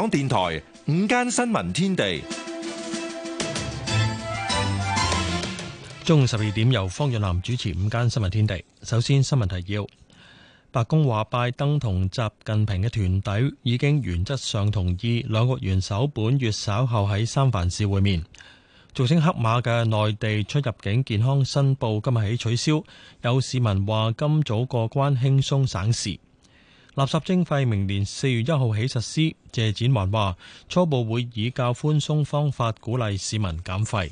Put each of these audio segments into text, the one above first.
港電台五間新聞天地，中午十二點由方潤南主持《五間新聞天地》天地。首先新聞提要：白宮話拜登同習近平嘅團隊已經原則上同意，兩國元首本月稍後喺三藩市會面。俗稱黑馬嘅內地出入境健康申報今日起取消，有市民話今早過關輕鬆省事。垃圾徵費明年四月一號起實施。謝展寰話初步會以較寬鬆方法鼓勵市民減廢。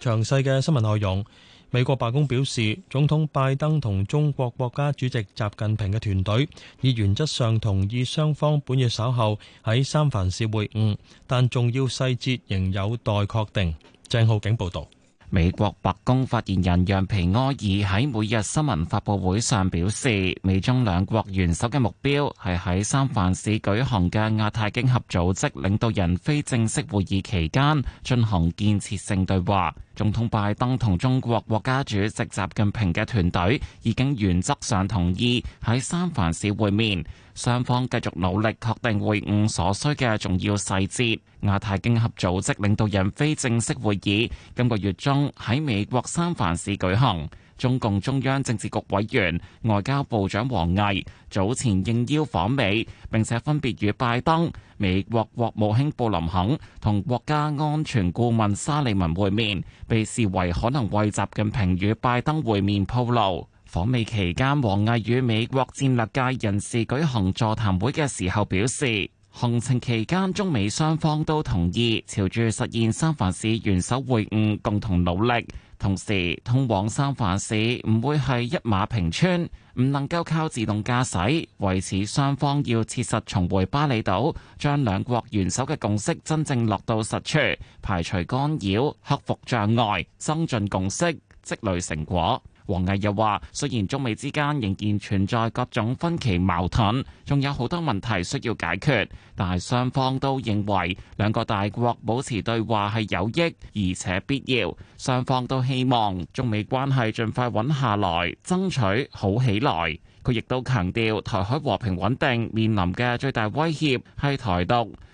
詳細嘅新聞內容，美國白宮表示，總統拜登同中國國家主席習近平嘅團隊已原則上同意雙方本月稍後喺三藩市會晤，但重要細節仍有待確定。鄭浩景報道。美國白宮發言人楊皮埃爾喺每日新聞發佈會上表示，美中兩國元首嘅目標係喺三藩市舉行嘅亞太經合組織領導人非正式會議期間進行建設性對話。總統拜登同中國國家主席習近平嘅團隊已經原則上同意喺三藩市會面，雙方繼續努力確定會晤所需嘅重要細節。亞太經合組織領導人非正式會議今個月中喺美國三藩市舉行。中共中央政治局委員外交部長王毅早前應邀訪美，並且分別與拜登、美國國務卿布林肯同國家安全顧問沙利文會面，被視為可能為習近平與拜登會面鋪路。訪美期間王毅與美國戰略界人士舉行座談會嘅時候表示，行程期間中美雙方都同意朝住實現三藩市元首會晤共同努力。同時，通往三藩市唔會係一馬平川，唔能夠靠自動駕駛。為此，雙方要切實重回巴厘島，將兩國元首嘅共識真正落到實處，排除干擾，克服障礙，增進共識，積累成果。王毅又話，雖然中美之間仍然存在各種分歧矛盾，仲有好多問題需要解決，但係雙方都認為兩個大國保持對話係有益而且必要，雙方都希望中美關係盡快穩下來，爭取好起來。佢亦都強調，台海和平穩定面臨嘅最大威脅係台獨。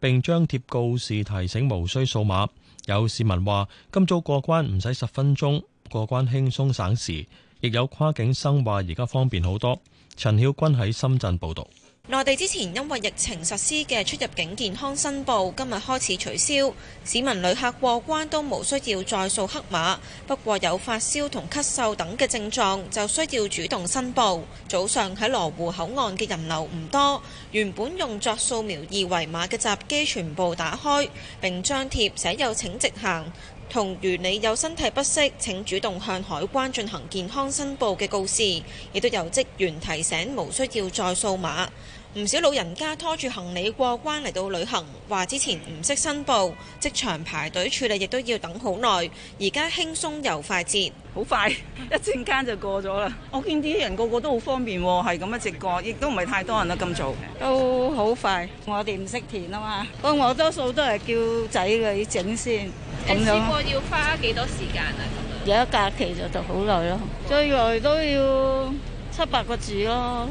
並將貼告示提醒無需掃碼。有市民話：今早過關唔使十分鐘，過關輕鬆省時。亦有跨境生話而家方便好多。陳曉君喺深圳報道。內地之前因為疫情實施嘅出入境健康申報，今日開始取消，市民旅客過關都無需要再掃黑碼。不過有發燒同咳嗽等嘅症狀，就需要主動申報。早上喺羅湖口岸嘅人流唔多，原本用作掃描二維碼嘅閘機全部打開，並張貼寫有「請直行」同如你有身體不適，請主動向海關進行健康申報嘅告示，亦都有職員提醒無需要再掃碼。唔少老人家拖住行李過關嚟到旅行，話之前唔識申報，職場排隊處理亦都要等好耐，而家輕鬆又快捷，好快一陣間就過咗啦。我見啲人個個都好方便喎，係咁一直過，亦都唔係太多人啦。咁早都好快，我哋唔識填啊嘛。不過我多數都係叫仔女整先咁樣。填表要花幾多時間啊？有一假期就就好耐咯，最耐都要七八個字咯。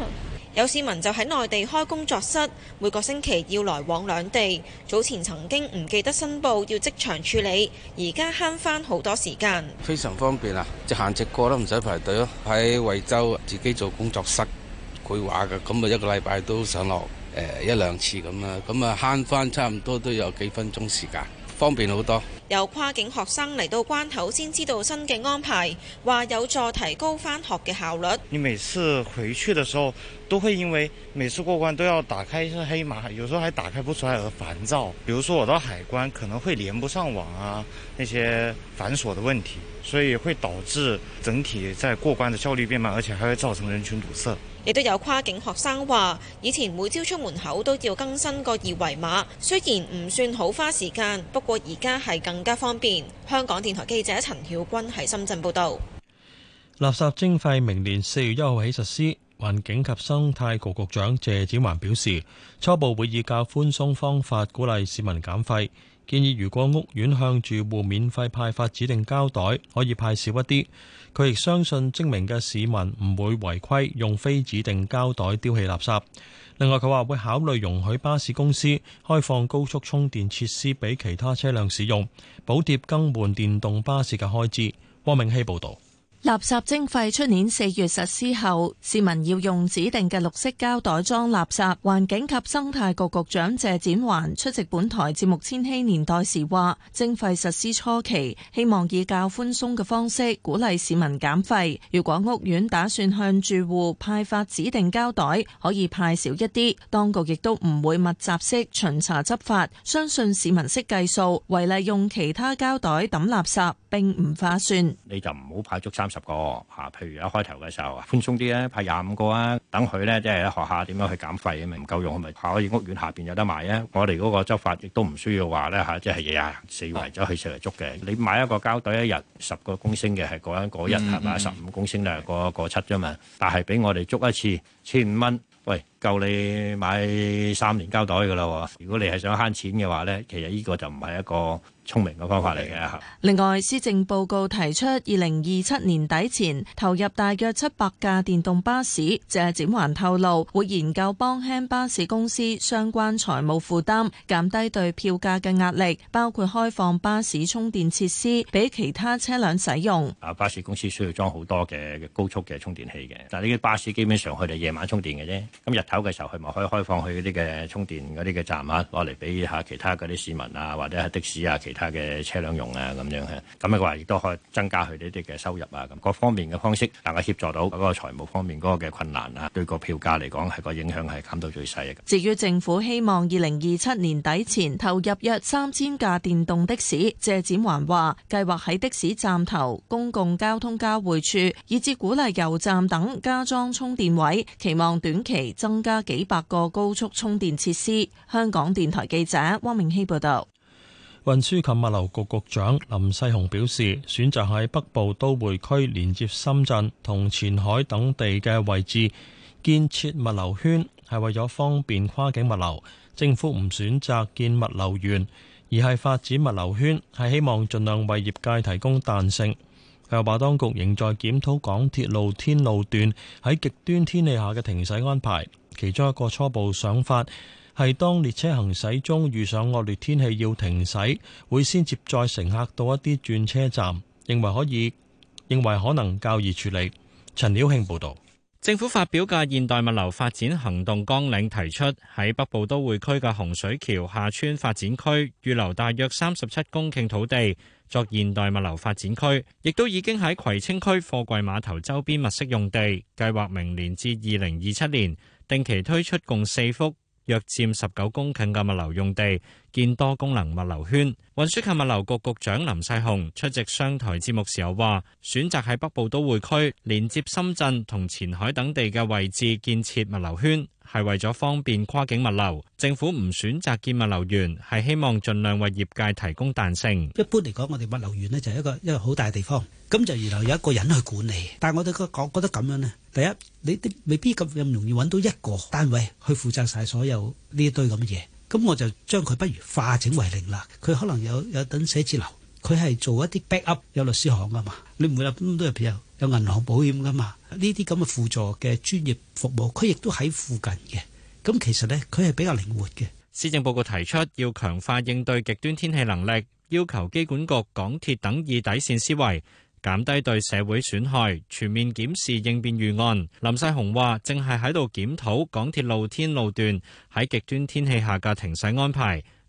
有市民就喺內地開工作室，每個星期要來往兩地。早前曾經唔記得申報，要即場處理，而家慳翻好多時間。非常方便啊，即行直過都唔使排隊咯。喺惠州自己做工作室繪畫嘅，咁啊一個禮拜都上落誒一兩次咁啦，咁啊慳翻差唔多都有幾分鐘時間，方便好多。有跨境學生嚟到關口先知道新嘅安排，話有助提高翻學嘅效率。你每次回去嘅時候，都會因為每次過關都要打開一隻黑碼，有時候還打開不出來而煩躁。比如說我到海關，可能會連不上網啊，那些繁瑣嘅問題，所以會導致整體在過關嘅效率變慢，而且還會造成人群堵塞。亦都有跨境學生話：以前每朝出門口都要更新個二維碼，雖然唔算好花時間，不過而家係更加方便。香港電台記者陳曉君喺深圳報導。垃圾徵費明年四月一號起實施。環境及生態局局長謝展寰表示，初步會以較寬鬆方法鼓勵市民減費，建議如果屋苑向住戶免費派發指定膠袋，可以派少一啲。佢亦相信精明嘅市民唔會違規用非指定膠袋丟棄垃圾。另外，佢話會考慮容許巴士公司開放高速充電設施俾其他車輛使用，補貼更換電動巴士嘅開支。汪明熙報導。垃圾徵費出年四月實施後，市民要用指定嘅綠色膠袋裝垃圾。環境及生態局局長謝展環出席本台節目《千禧年代》時話，徵費實施初期，希望以較寬鬆嘅方式鼓勵市民減廢。如果屋苑打算向住戶派發指定膠袋，可以派少一啲。當局亦都唔會密集式巡查執法，相信市民識計數，違例用其他膠袋抌垃圾並唔划算。你就唔好派足三十個嚇、啊，譬如一開頭嘅時候寬鬆啲咧，派廿五個啊，等佢咧即係學下點樣去減費啊嘛，唔夠用咪可以屋苑下邊有得買啊！我哋嗰個執法亦都唔需要話咧嚇、啊，即係日日四圍走去四圍捉嘅。嗯、你買一個膠袋一日十個公升嘅、那個，係嗰一嗰日係嘛？十五公升咧、那個，個個七啫嘛。但係俾我哋捉一次千五蚊，喂，夠你買三年膠袋噶啦喎！如果你係想慳錢嘅話咧，其實呢個就唔係一個聰明嘅方法嚟嘅。另外，施政報告提出，二零二七年底前投入大約七百架電動巴士。謝展寰透露，會研究幫輕巴士公司相關財務負擔，減低對票價嘅壓力，包括開放巴士充電設施俾其他車輛使用。啊，巴士公司需要裝好多嘅高速嘅充電器嘅，但係呢啲巴士基本上佢哋夜晚充電嘅啫，咁日頭嘅時候佢咪可以開放佢嗰啲嘅充電嗰啲嘅站啊，攞嚟俾下其他嗰啲市民啊，或者係的士啊其他嘅車輛用啊，咁樣嚇，咁嘅話亦都可以增加佢哋啲嘅收入啊，咁各方面嘅方式能夠協助到嗰個財務方面嗰個嘅困難啊，對個票價嚟講係個影響係減到最細嘅。至於政府希望二零二七年底前投入約三千架電動的士，謝展寰話計劃喺的士站頭、公共交通交匯處以至鼓勵油站等加裝充電位，期望短期增加幾百個高速充電設施。香港電台記者汪明熙報道。運輸及物流局局長林世雄表示，選擇喺北部都會區連接深圳同前海等地嘅位置，建設物流圈，係為咗方便跨境物流。政府唔選擇建物流園，而係發展物流圈，係希望盡量為業界提供彈性。又話當局仍在檢討港鐵露天路段喺極端天氣下嘅停駛安排，其中一個初步想法。係當列車行駛中遇上惡劣天氣要停駛，會先接載乘客到一啲轉車站，認為可以，認為可能較易處理。陳曉慶報導，政府發表嘅現代物流發展行動綱領，提出喺北部都會區嘅洪水橋下村發展區預留大約三十七公頃土地作現代物流發展區，亦都已經喺葵青區貨櫃碼頭周邊物色用地，計劃明年至二零二七年定期推出共四幅。約佔十九公頃嘅物流用地建多功能物流圈，運輸及物流局局長林世雄出席商台節目時候話，選擇喺北部都會區連接深圳同前海等地嘅位置建設物流圈。係為咗方便跨境物流，政府唔選擇建物流園，係希望盡量為業界提供彈性。一般嚟講，我哋物流園呢就係一個一個好大嘅地方，咁就然後有一個人去管理。但係我哋個覺得咁樣呢，第一你未必咁容易揾到一個單位去負責晒所有呢堆咁嘢。咁我就將佢不如化整為零啦。佢可能有有等寫字樓，佢係做一啲 backup 有律師行噶嘛。你唔會入咁多入票。有銀行、保險㗎嘛？呢啲咁嘅輔助嘅專業服務，佢亦都喺附近嘅。咁其實呢，佢係比較靈活嘅。施政報告提出要強化應對極端天氣能力，要求機管局、港鐵等以底線思維減低對社會損害，全面檢視應變預案。林世雄話：正係喺度檢討港鐵露天路段喺極端天氣下嘅停駛安排。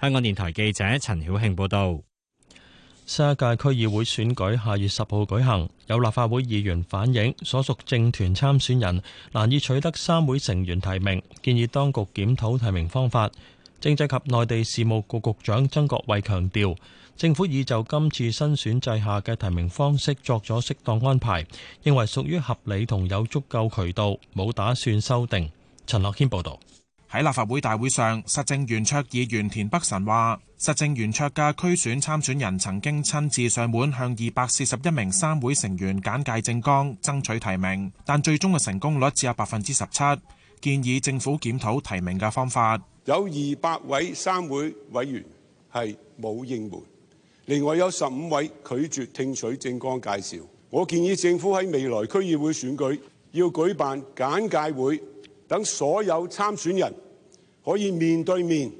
香港電台記者陳曉慶報道：新一屆區議會選舉下月十號舉行，有立法會議員反映所屬政團參選人難以取得三會成員提名，建議當局檢討提名方法。政制及內地事務局局長曾國衛強調，政府已就今次新選制下嘅提名方式作咗適當安排，認為屬於合理同有足夠渠道，冇打算修訂。陳樂軒報道。喺立法會大會上，實政圓桌議員田北辰話：實政圓桌嘅區選參選人曾經親自上門向二百四十一名三會成員簡介政綱，爭取提名，但最終嘅成功率只有百分之十七。建議政府檢討提名嘅方法。有二百位三會委員係冇應門，另外有十五位拒絕聽取政綱介紹。我建議政府喺未來區議會選舉要舉辦簡介會。等所有參選人可以面對面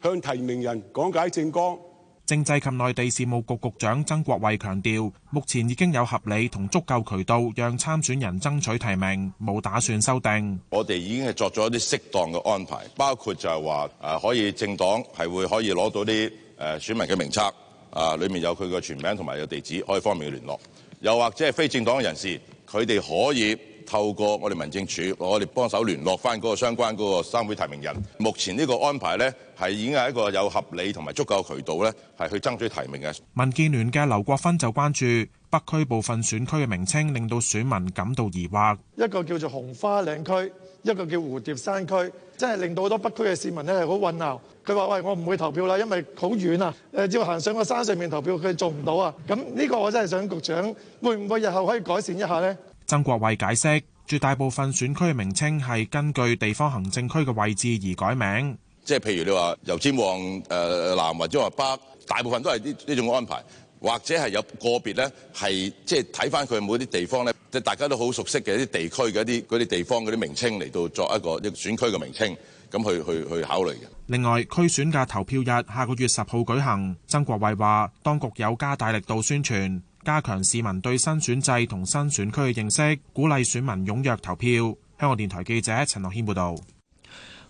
向提名人講解政綱。政制及內地事務局局長曾國衛強調，目前已經有合理同足夠渠道讓參選人爭取提名，冇打算修訂。 我哋已經係作咗一啲適當嘅安排，包括就係話誒可以政黨係會可以攞到啲誒選民嘅名冊啊，裏面有佢嘅全名同埋有地址，可以方便佢聯絡。又或者係非政黨嘅人士，佢哋可以。透過我哋民政處，我哋幫手聯絡翻嗰個相關嗰個三會提名人。目前呢個安排呢，係已經係一個有合理同埋足夠嘅渠道呢，係去爭取提名嘅。民建聯嘅劉國勳就關注北區部分選區嘅名稱令到選民感到疑惑。一個叫做紅花嶺區，一個叫蝴蝶山區，真係令到好多北區嘅市民呢，係好混淆。佢話：喂，我唔會投票啦，因為好遠啊！誒，只要行上個山上面投票，佢做唔到啊！咁呢個我真係想局長，會唔會日後可以改善一下呢？曾國衛解釋，絕大部分選區嘅名稱係根據地方行政區嘅位置而改名，即係譬如你話油尖旺誒南或者旺北，大部分都係呢呢種安排，或者係有個別咧係即係睇返佢每啲地方咧，即係大家都好熟悉嘅一啲地區嘅一啲啲地方嗰啲名稱嚟到作一個選區嘅名稱，咁去去去考慮嘅。另外，區選嘅投票日下個月十號舉行。曾國衛話，當局有加大力度宣傳。加強市民對新選制同新選區嘅認識，鼓勵選民踴躍投票。香港電台記者陳樂軒報道。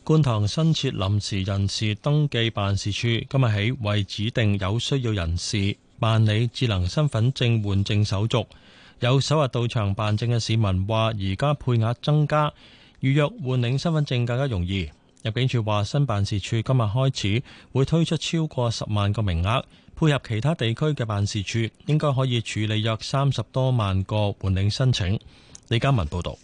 觀塘新設臨時人事登記辦事處，今日起為指定有需要人士辦理智能身份證換證手續。有首日到場辦證嘅市民話：而家配額增加，預約換領身份證更加容易。入境處話，新辦事處今日開始會推出超過十萬個名額。配合其他地區嘅辦事處，應該可以處理約三十多萬個換領申請。李嘉文報導。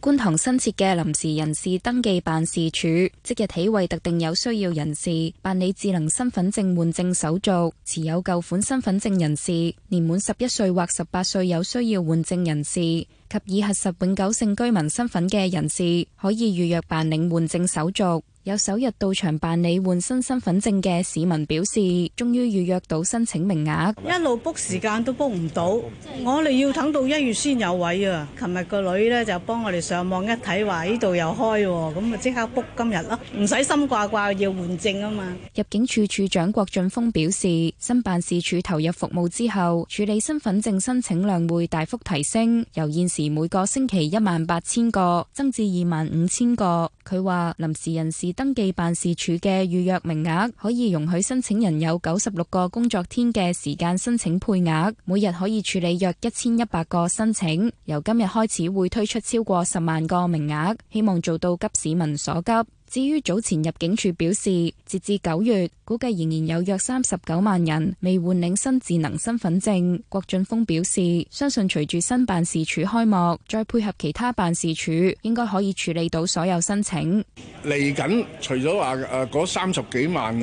觀塘新設嘅臨時人事登記辦事處，即日起為特定有需要人士辦理智能身份證換證手續。持有舊款身份證人士，年滿十一歲或十八歲有需要換證人士，及已核實永久性居民身份嘅人士，可以預約辦領換證手續。有首日到場辦理換新身，身份證嘅市民表示，終於預約到申請名額，一路 book 時間都 book 唔到，我哋要等到一月先有位啊！琴日個女咧就幫我哋上網一睇，話呢度又開，咁啊即刻 book 今日咯，唔使心掛掛要換證啊嘛！入境處處長郭俊峰表示，新辦事處投入服務之後，處理身份證申請量會大幅提升，由現時而每個星期一萬八千個，增至二萬五千個。佢話臨時人事登記辦事處嘅預約名額可以容許申請人有九十六個工作天嘅時間申請配額，每日可以處理約一千一百個申請。由今日開始會推出超過十萬個名額，希望做到急市民所急。至於早前入境處表示，截至九月，估計仍然有約三十九萬人未換領新智能身份證。郭俊峰表示，相信隨住新辦事處開幕，再配合其他辦事處，應該可以處理到所有申請。嚟緊除咗話誒，嗰三十幾萬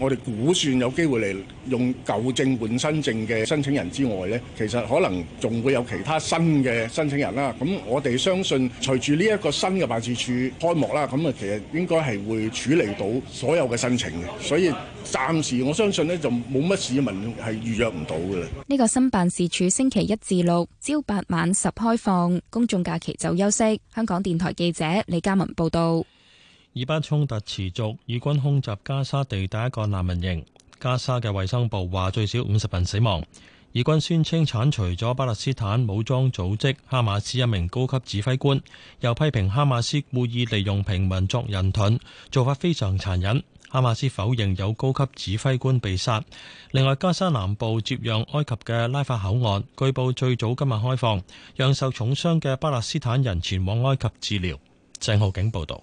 我哋估算有機會嚟用舊證換新證嘅申請人之外呢，其實可能仲會有其他新嘅申請人啦。咁我哋相信隨住呢一個新嘅辦事處開幕啦，咁啊其實應。應該係會處理到所有嘅申請嘅，所以暫時我相信呢就冇乜市民係預約唔到嘅。呢個新辦事處星期一至六朝八晚十開放，公眾假期就休息。香港電台記者李嘉文報道。以巴衝突持續，以軍空襲加沙地帶一個難民營，加沙嘅衛生部話最少五十人死亡。以軍宣稱剷除咗巴勒斯坦武裝組織哈馬斯一名高級指揮官，又批評哈馬斯故意利用平民作人盾，做法非常殘忍。哈馬斯否認有高級指揮官被殺。另外，加沙南部接壤埃及嘅拉法口岸，據報最早今日開放，讓受重傷嘅巴勒斯坦人前往埃及治療。鄭浩景報道。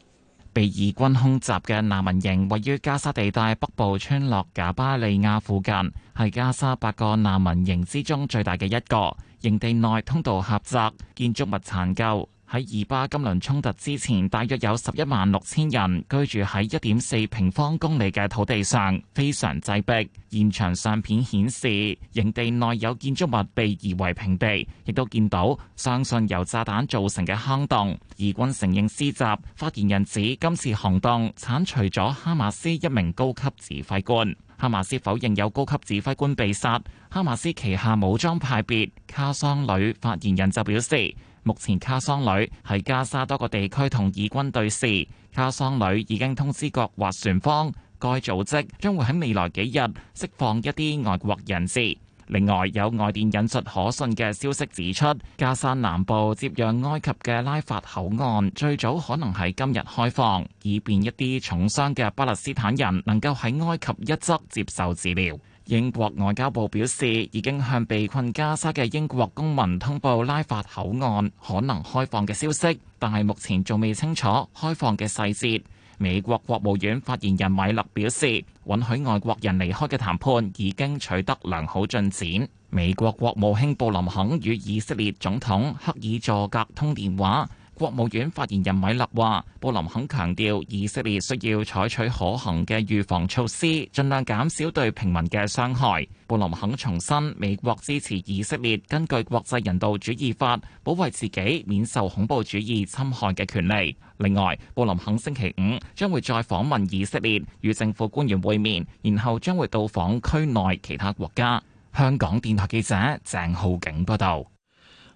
被以軍空襲嘅難民營位於加沙地帶北部村落賈巴利亞附近，係加沙八個難民營之中最大嘅一個。營地內通道狹窄，建築物殘舊。喺以巴今輪衝突之前，大約有十一萬六千人居住喺一點四平方公里嘅土地上，非常擠迫。現場相片顯示，營地內有建築物被夷為平地，亦都見到相信由炸彈造成嘅坑洞。以軍承認施襲。發言人指今次行動剷除咗哈馬斯一名高級指揮官。哈馬斯否認有高級指揮官被殺。哈馬斯旗下武裝派別卡桑旅發言人就表示。目前卡桑旅喺加沙多個地區同以軍對峙，卡桑旅已經通知各划船方，該組織將會喺未來幾日釋放一啲外國人士。另外，有外電引述可信嘅消息指出，加沙南部接壤埃及嘅拉法口岸最早可能係今日開放，以便一啲重傷嘅巴勒斯坦人能夠喺埃及一側接受治療。英國外交部表示，已經向被困加沙嘅英國公民通報拉法口岸可能開放嘅消息，但係目前仲未清楚開放嘅細節。美國國務院發言人米勒表示，允許外國人離開嘅談判已經取得良好進展。美國國務卿布林肯與以色列總統赫爾佐格通電話。國務院發言人米勒話，布林肯強調以色列需要採取可行嘅預防措施，盡量減少對平民嘅傷害。布林肯重申，美國支持以色列根據國際人道主義法保衛自己免受恐怖主義侵害嘅權利。另外，布林肯星期五將會再訪問以色列，與政府官員會面，然後將會到訪區內其他國家。香港電台記者鄭浩景報道。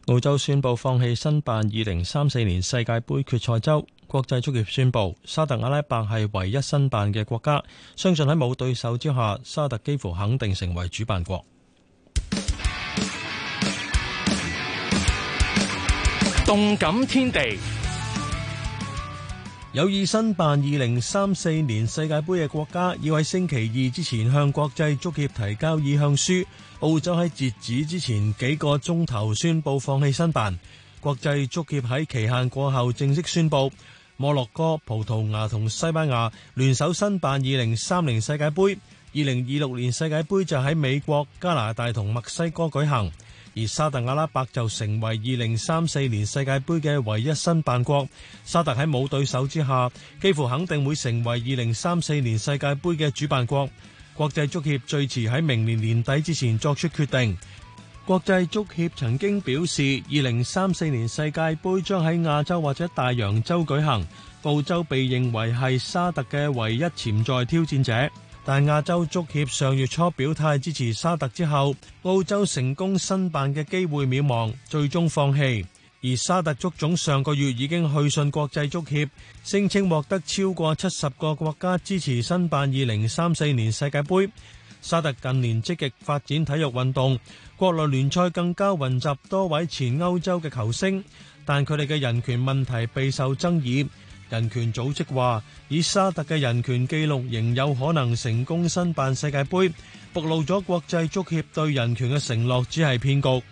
澳洲宣布放棄申辦二零三四年世界盃決賽周，國際足協宣布沙特阿拉伯係唯一申辦嘅國家，相信喺冇對手之下，沙特幾乎肯定成為主辦國。動感天地。有意申辦二零三四年世界杯嘅國家要喺星期二之前向國際足協提交意向書。澳洲喺截止之前幾個鐘頭宣布放棄申辦。國際足協喺期限過後正式宣布摩洛哥、葡萄牙同西班牙聯手申辦二零三零世界杯。二零二六年世界杯就喺美國、加拿大同墨西哥舉行。而沙特阿拉伯就成為二零三四年世界盃嘅唯一申辦國。沙特喺冇對手之下，幾乎肯定會成為二零三四年世界盃嘅主辦國。國際足協最遲喺明年年底之前作出決定。國際足協曾經表示，二零三四年世界盃將喺亞洲或者大洋洲舉行。澳洲被認為係沙特嘅唯一潛在挑戰者。但亞洲足協上月初表態支持沙特之後，澳洲成功申辦嘅機會渺茫，最終放棄。而沙特足總上個月已經去信國際足協，聲稱獲得超過七十個國家支持申辦二零三四年世界盃。沙特近年積極發展體育運動，國內聯賽更加雲集多位前歐洲嘅球星，但佢哋嘅人權問題備受爭議。人權組織話，以沙特嘅人權記錄，仍有可能成功申辦世界盃，暴露咗國際足協對人權嘅承諾只係騙局。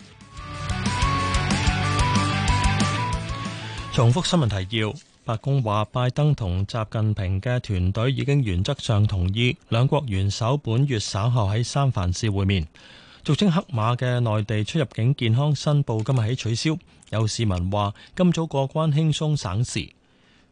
重複新聞提要：白宮話拜登同習近平嘅團隊已經原則上同意兩國元首本月稍後喺三藩市會面，俗稱「黑馬」嘅內地出入境健康申報今日起取消，有市民話今早過關輕鬆省時。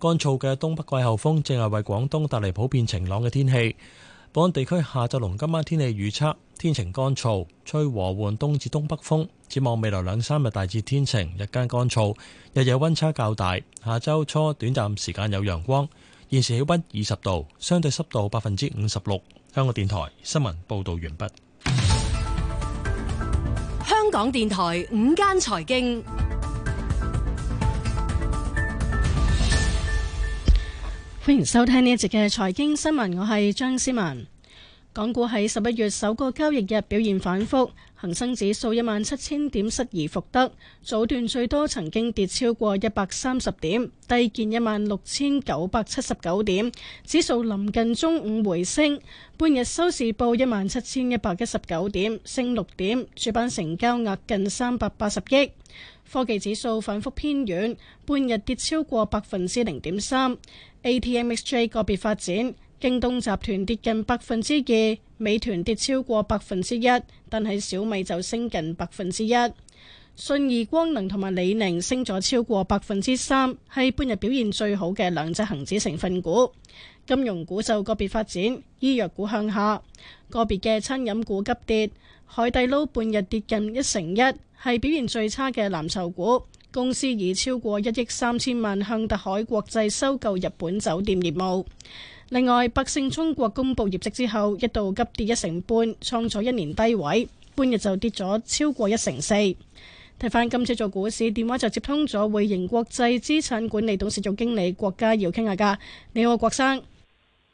乾燥嘅東北季候風正係為廣東帶嚟普遍晴朗嘅天氣。本港地區下晝及今晚天氣預測：天晴乾燥，吹和緩東至東北風。展望未來兩三日大致天晴，日間乾燥，日夜溫差較大。下周初短暫時間有陽光。現時氣溫二十度，相對濕度百分之五十六。香港電台新聞報道完畢。香港電台午間財經。歡迎收聽呢一節嘅財經新聞，我係張思文。港股喺十一月首個交易日表現反覆，恒生指數一萬七千點失而復得，早段最多曾經跌超過一百三十點，低見一萬六千九百七十九點，指數臨近中午回升，半日收市報一萬七千一百一十九點，升六點，主板成交額近三百八十億。科技指數反覆偏軟，半日跌超過百分之零點三。ATMXJ 個別發展，京東集團跌近百分之二，美團跌超過百分之一，但係小米就升近百分之一。信義光能同埋李寧升咗超過百分之三，係半日表現最好嘅兩隻恒指成分股。金融股就個別發展，醫藥股向下，個別嘅餐飲股急跌，海底撈半日跌近一成一。係表現最差嘅藍籌股公司，以超過一億三千萬向特海國際收購日本酒店業務。另外，百勝中國公布業績之後，一度急跌一成半，創咗一年低位，半日就跌咗超過一成四。睇翻今次做股市電話就接通咗匯盈國際資產管理董事總經理郭家耀傾下偈。你好，郭生。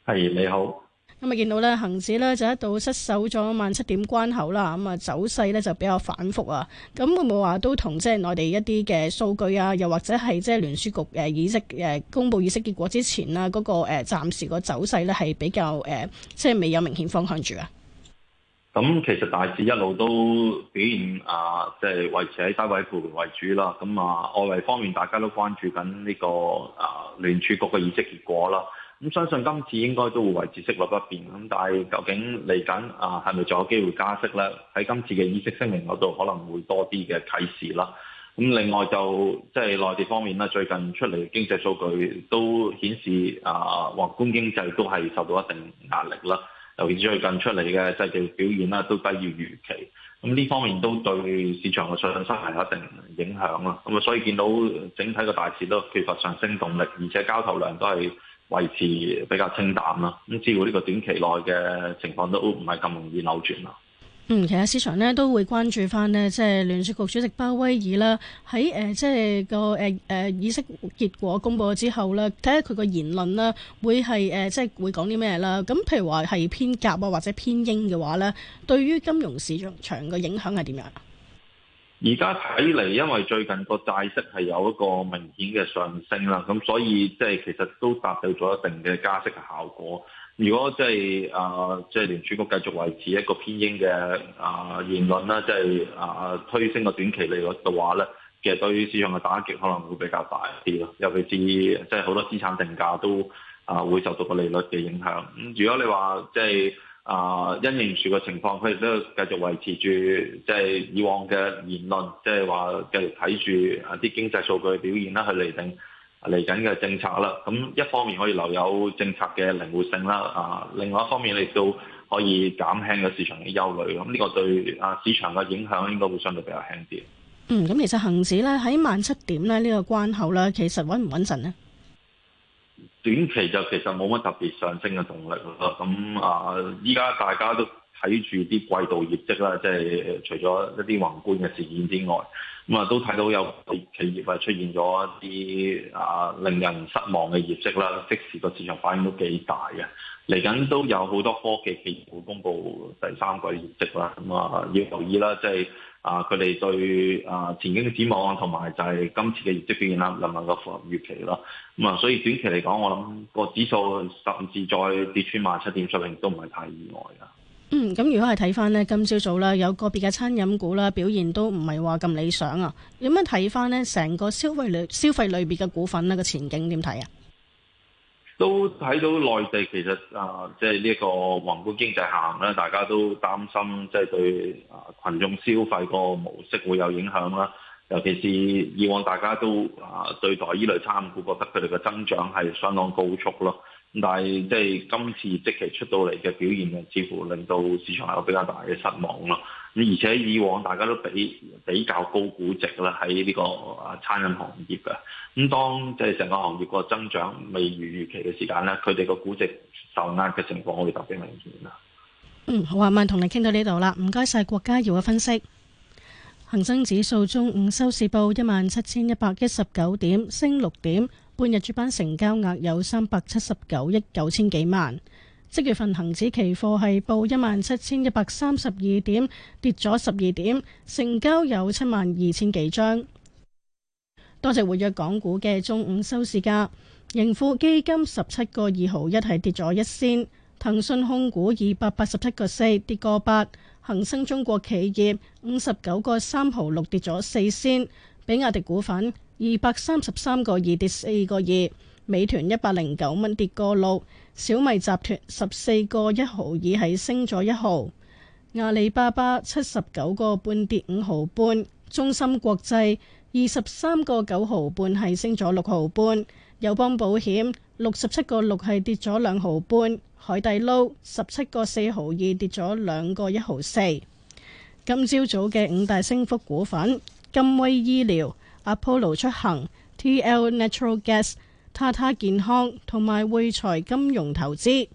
係，你好。咁啊、嗯，見到咧，恆指咧就一度失守咗萬七點關口啦。咁、嗯、啊，走勢咧就比較反覆啊。咁會唔會話都同即係內地一啲嘅數據啊，又或者係即係聯儲局誒議息誒公佈議息結果之前啦，嗰、那個誒暫時個走勢咧係比較誒、呃、即係未有明顯方向住啊？咁其實大市一路都表現啊，即、就、係、是、維持喺低位盤盤為主啦。咁啊，外圍方面大家都關注緊呢、這個啊聯儲局嘅議息結果啦。咁相信今次應該都會維持息率不變，咁但係究竟嚟緊啊係咪仲有機會加息呢？喺今次嘅議息聲明嗰度可能會多啲嘅啟示啦。咁另外就即係、就是、內地方面咧，最近出嚟經濟數據都顯示啊，宏觀經濟都係受到一定壓力啦。尤其是最近出嚟嘅經濟表現啦，都低於預期。咁呢方面都對市場嘅上昇係有一定影響啦。咁啊，所以見到整體嘅大市都缺乏上升動力，而且交投量都係。維持比較清淡啦，咁似乎呢個短期內嘅情況都唔係咁容易扭轉啦。嗯，其實市場呢都會關注翻咧，即、係、聯儲局主席鮑威爾啦，喺、呃、即個議息、呃、結果公佈之後咧，睇下佢個言論啦，會係誒、呃、即會講啲咩啦。咁譬如話係偏鴿啊，或者偏鷹嘅話呢，對於金融市場場嘅影響係點樣？而家睇嚟，因為最近個債息係有一個明顯嘅上升啦，咁所以即係其實都達到咗一定嘅加息嘅效果。如果即係啊，即係聯儲局繼續維持一個偏鷹嘅啊言論啦，即係啊推升個短期利率嘅話咧，其實對於市場嘅打擊可能會比較大啲咯。尤其是即係好多資產定價都啊會受到個利率嘅影響。咁如果你話即係，啊，因應住個情況，佢哋都繼續維持住即係以往嘅言論，即係話繼續睇住啊啲經濟數據表現啦，去嚟定嚟緊嘅政策啦。咁一方面可以留有政策嘅靈活性啦，啊，另外一方面你亦都可以減輕個市場嘅憂慮咯。咁呢個對啊市場嘅影響應該會相對比較輕啲。嗯，咁其實恆指咧喺萬七點咧呢個關口咧，其實穩唔穩陣呢？短期就其實冇乜特別上升嘅動力咯，咁啊，依家大家都睇住啲季度業績啦，即係除咗一啲宏觀嘅事件之外。咁啊，都睇到有企業啊出現咗一啲啊令人失望嘅業績啦，即時個市場反應都幾大嘅。嚟緊都有好多科技企業會公布第三季業績啦，咁啊要留意啦，即係啊佢哋對啊前景嘅展望同埋就係今次嘅業績表現啦，能唔能夠符合預期啦？咁啊，所以短期嚟講，我諗個指數甚至再跌穿萬七點水平都唔係太意外啊！嗯，咁如果係睇翻呢，今朝早啦，有個別嘅餐飲股啦表現都唔係話咁理想啊。有乜睇翻呢？成個消費類消費類別嘅股份呢個前景點睇啊？看都睇到內地其實啊，即係呢一個宏觀經濟下行咧，大家都擔心即係對啊群眾消費個模式會有影響啦。尤其是以往大家都啊對待呢類餐股，覺得佢哋嘅增長係相當高速咯。但係即係今次即期出到嚟嘅表現啊，似乎令到市場有比較大嘅失望咯。而且以往大家都比比較高估值啦，喺呢個餐飲行業嘅。咁當即係成個行業個增長未如預期嘅時間呢，佢哋個估值受壓嘅情況會特別明顯啦。嗯，好啊，慢同你傾到呢度啦，唔該晒郭家耀嘅分析。恒生指數中午收市報一萬七千一百一十九點，升六點。半日主板成交額有三百七十九億九千幾萬，即月份恒指期貨係報一萬七千一百三十二點，跌咗十二點，成交有七萬二千幾張。多隻活躍港股嘅中午收市價，盈富基金十七個二毫一係跌咗一仙，騰訊控股二百八十七個四跌個八，恒生中國企業五十九個三毫六跌咗四仙，比亞迪股份。二百三十三個二跌四個二，美團一百零九蚊跌個六，小米集團十四個一毫二係升咗一毫，阿里巴巴七十九個半跌五毫半，中芯國際二十三個九毫半係升咗六毫半，友邦保險六十七個六係跌咗兩毫半，海底撈十七個四毫二跌咗兩個一毫四。今朝早嘅五大升幅股份：金威醫療、Apollo 出行、TL Natural Gas、塔塔健康同埋匯財金融投資。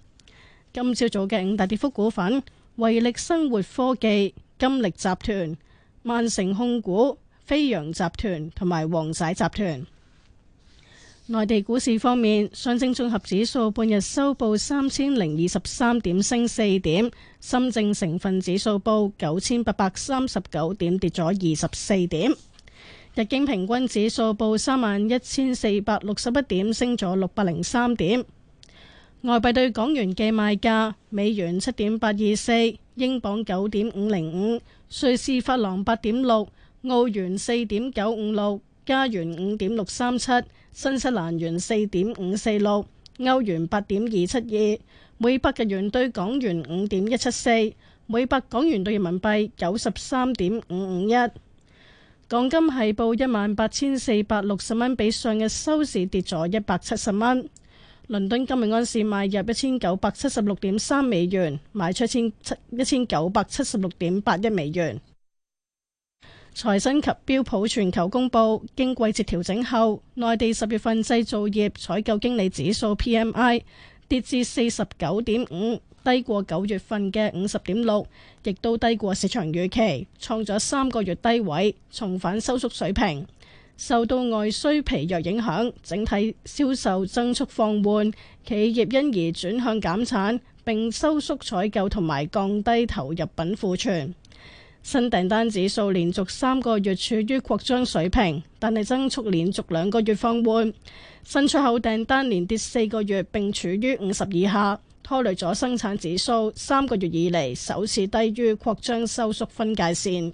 今朝早嘅五大跌幅股份：維力生活科技、金力集團、萬城控股、飛揚集團同埋黃仔集團。內地股市方面，上證綜合指數半日收報三千零二十三點，升四點；深證成分指數報九千八百三十九點，跌咗二十四點。日經平均指數報三萬一千四百六十一點，升咗六百零三點。外幣對港元嘅賣價：美元七點八二四，英鎊九點五零五，瑞士法郎八點六，澳元四點九五六，加元五點六三七，新西蘭元四點五四六，歐元八點二七二，每百日元對港元五點一七四，每百港元對人民幣九十三點五五一。港金係報一萬八千四百六十蚊，比上日收市跌咗一百七十蚊。倫敦今日安市買入一千九百七十六點三美元，賣出千七一千九百七十六點八一美元。財新及標普全球公布，經季節調整後，內地十月份製造業採購經理指數 PMI 跌至四十九點五。低過九月份嘅五十點六，亦都低過市場預期，創咗三個月低位，重返收縮水平。受到外需疲弱影響，整體銷售增速放緩，企業因而轉向減產，並收縮採購同埋降低投入品庫存。新訂單指數連續三個月處於擴張水平，但係增速連續兩個月放緩。新出口訂單連跌四個月，並處於五十以下。拖累咗生產指數三個月以嚟首次低於擴張收縮分界線。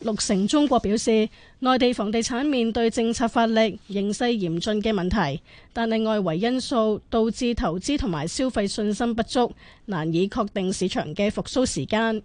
六成中國表示，內地房地產面對政策發力、形勢嚴峻嘅問題，但係外圍因素導致投資同埋消費信心不足，難以確定市場嘅復甦時間。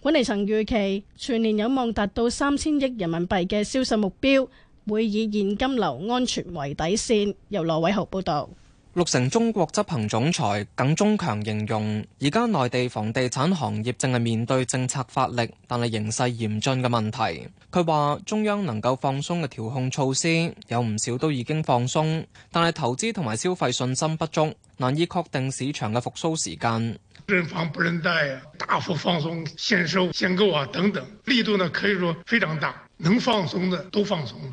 管理層預期全年有望達到三千億人民幣嘅銷售目標。會以現金流安全為底線。由羅偉豪報道。綠城中國執行總裁耿忠強形容，而家內地房地產行業正係面對政策發力但係形勢嚴峻嘅問題。佢話中央能夠放鬆嘅調控措施有唔少都已經放鬆，但係投資同埋消費信心不足，難以確定市場嘅復甦時間。認房不認貸啊，大幅放鬆限售、限購啊等等，力度呢可以說非常大，能放鬆的都放鬆了。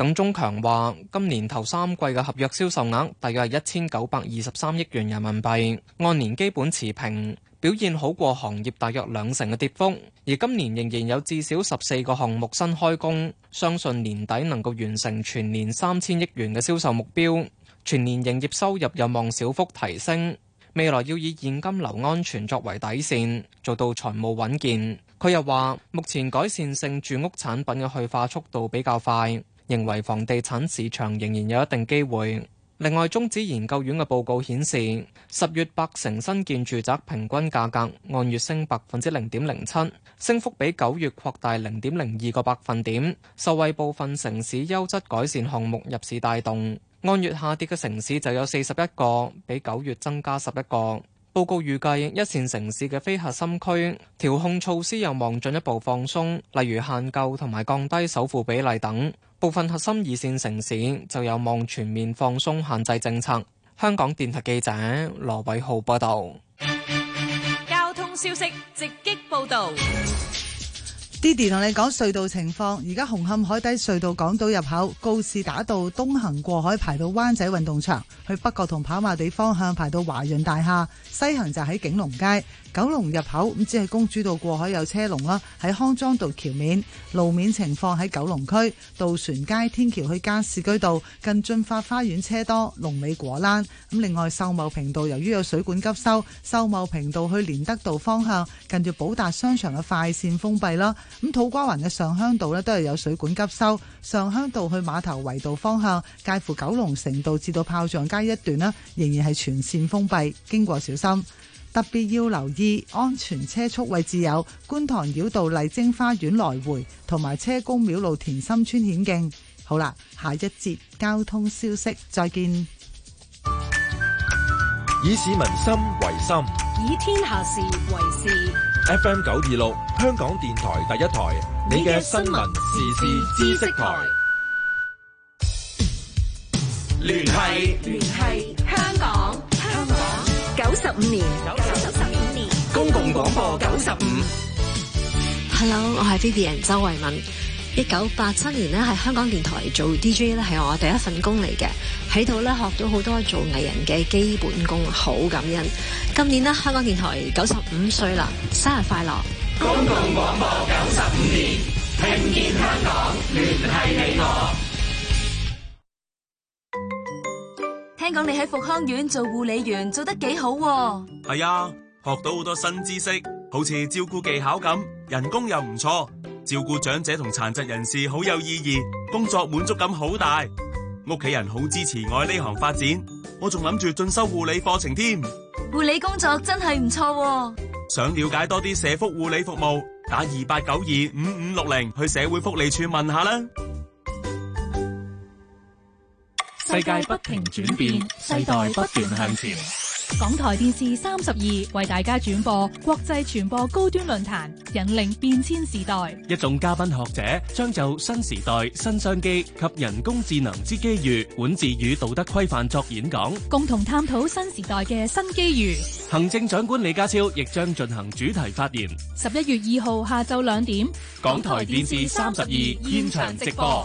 耿中強話：今年頭三季嘅合約銷售額大約係一千九百二十三億元人民幣，按年基本持平，表現好過行業大約兩成嘅跌幅。而今年仍然有至少十四個項目新開工，相信年底能夠完成全年三千億元嘅銷售目標。全年營業收入有望小幅提升。未來要以現金流安全作為底線，做到財務穩健。佢又話：目前改善性住屋產品嘅去化速度比較快。認為房地產市場仍然有一定機會。另外，中指研究院嘅報告顯示，十月百城新建住宅平均價格按月升百分之零點零七，升幅比九月擴大零點零二個百分點，受惠部分城市優質改善項目入市帶動。按月下跌嘅城市就有四十一個，比九月增加十一個。報告預計，一線城市嘅非核心區調控措施有望進一步放鬆，例如限購同埋降低首付比例等。部分核心二線城市就有望全面放鬆限制政策。香港電台記者羅偉浩報道。交通消息直擊報導。d i 同你講隧道情況，而家紅磡海底隧道港島入口告士打道東行過海排到灣仔運動場。去北角同跑馬地方向排到華潤大廈，西行就喺景隆街、九龍入口咁，只係公主道過海有車龍啦。喺康莊道橋面路面情況喺九龍區渡船街天橋去加士居道，近進發花園車多，龍尾果欄咁。另外，秀茂坪道由於有水管急修，秀茂坪道去連德道方向近住寶達商場嘅快線封閉啦。咁土瓜灣嘅上鄉道呢，都係有水管急修，上鄉道去馬頭圍道方向，介乎九龍城道至到炮仗街。一段仍然係全綫封閉，經過小心，特別要留意安全車速位置有觀塘繞道麗晶花園來回同埋車公廟路田心村顯徑。好啦，下一節交通消息，再見。以市民心為心，以天下事為事。FM 九二六，香港電台第一台，你嘅新聞時事知識台。聯繫聯繫香港香港九十五年九十五年，年，年公共廣播九十五。Hello，我係 Vivian 周慧敏。一九八七年呢，喺香港電台做 DJ 咧，係我第一份工嚟嘅，喺度咧學到好多做藝人嘅基本功，好感恩。今年呢，香港電台九十五歲啦，生日快樂！公共廣播九十五年，聽見香港，聯繫你我。聽講你喺福康院做護理員做得幾好喎？啊，係啊、哎，學到好多新知識，好似照顧技巧咁，人工又唔錯，照顧長者同殘疾人士好有意義，工作滿足感好大，屋企人好支持我喺呢行發展，我仲諗住進修護理課程添。護理工作真係唔錯，想了解多啲社福護理服務，打二八九二五五六零去社會福利處問下啦。世界不停轉變，世代不斷向前。港台電視三十二為大家轉播國際傳播高端論壇，引領變遷時代。一眾嘉賓學者將就新時代新商機及人工智能之機遇、管治與道德規範作演講，共同探討新時代嘅新機遇。行政長官李家超亦將進行主題發言。十一月二號下晝兩點，港台電視三十二現場直播。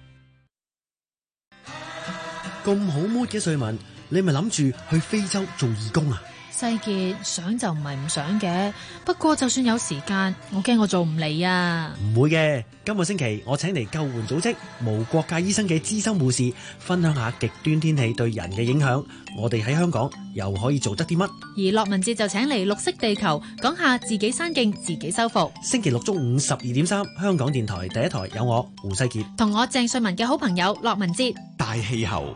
咁好妹嘅瑞文，你咪諗住去非洲做義工啊？世杰，想就唔係唔想嘅，不過就算有時間，我驚我做唔嚟啊！唔會嘅，今個星期我請嚟救援組織無國界醫生嘅資深護士，分享下極端天氣對人嘅影響。我哋喺香港又可以做得啲乜？而駱文哲就請嚟綠色地球，講下自己山徑自己修復。星期六中午十二點三，香港電台第一台有我胡世杰，同我鄭瑞文嘅好朋友駱文哲，大氣候。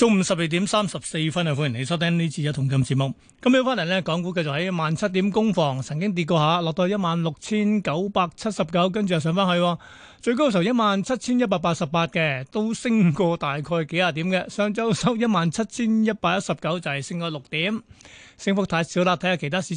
中午十二點三十四分啊，歡迎你收聽呢次嘅同金節目。今日翻嚟咧，港股繼續喺一萬七點攻防，曾經跌過下，落到一萬六千九百七十九，跟住又上翻去，最高嘅時候一萬七千一百八十八嘅，都升過大概幾廿點嘅。上周收一萬七千一百一十九，就係升過六點，升幅太少啦。睇下其他市。